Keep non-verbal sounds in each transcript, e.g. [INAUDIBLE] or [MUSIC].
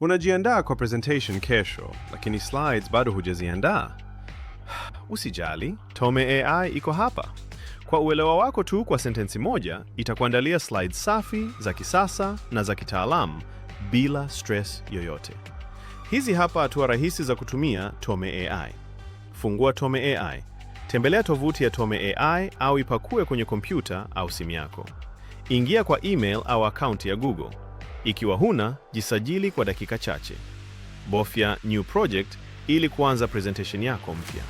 Unajiandaa kwa presentation kesho, lakini slides bado hujaziandaa. Usijali, Tome AI iko hapa. Kwa uelewa wako tu, kwa sentensi moja itakuandalia slides safi za kisasa na za kitaalamu bila stress yoyote. Hizi hapa hatua rahisi za kutumia Tome AI. Fungua Tome AI, tembelea tovuti ya Tome AI au ipakue kwenye kompyuta au simu yako. Ingia kwa email au akaunti ya Google. Ikiwa huna, jisajili kwa dakika chache. Bofya new project ili kuanza presentation yako mpya.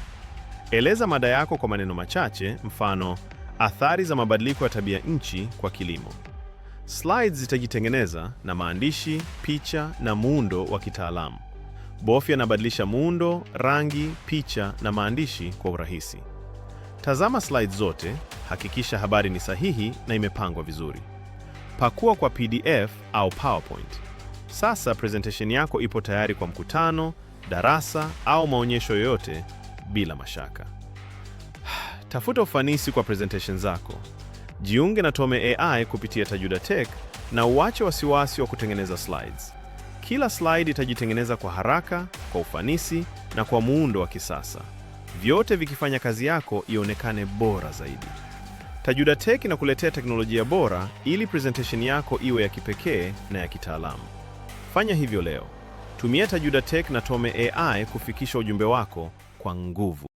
Eleza mada yako kwa maneno machache, mfano athari za mabadiliko ya tabia nchi kwa kilimo. Slides zitajitengeneza na maandishi, picha na muundo wa kitaalamu. Bofya na badilisha muundo, rangi, picha na maandishi kwa urahisi. Tazama slides zote, hakikisha habari ni sahihi na imepangwa vizuri. Pakua kwa PDF au PowerPoint. Sasa presentation yako ipo tayari kwa mkutano, darasa au maonyesho yoyote bila mashaka. [SIGHS] Tafuta ufanisi kwa presentation zako. Jiunge na Tome AI kupitia Tajuda Tech na uache wasiwasi wa kutengeneza slides. Kila slide itajitengeneza kwa haraka, kwa ufanisi na kwa muundo wa kisasa, vyote vikifanya kazi yako ionekane bora zaidi. Tajuda Tech inakuletea teknolojia bora ili presentation yako iwe ya kipekee na ya kitaalamu. Fanya hivyo leo. Tumia Tajuda Tech na Tome AI kufikisha ujumbe wako kwa nguvu.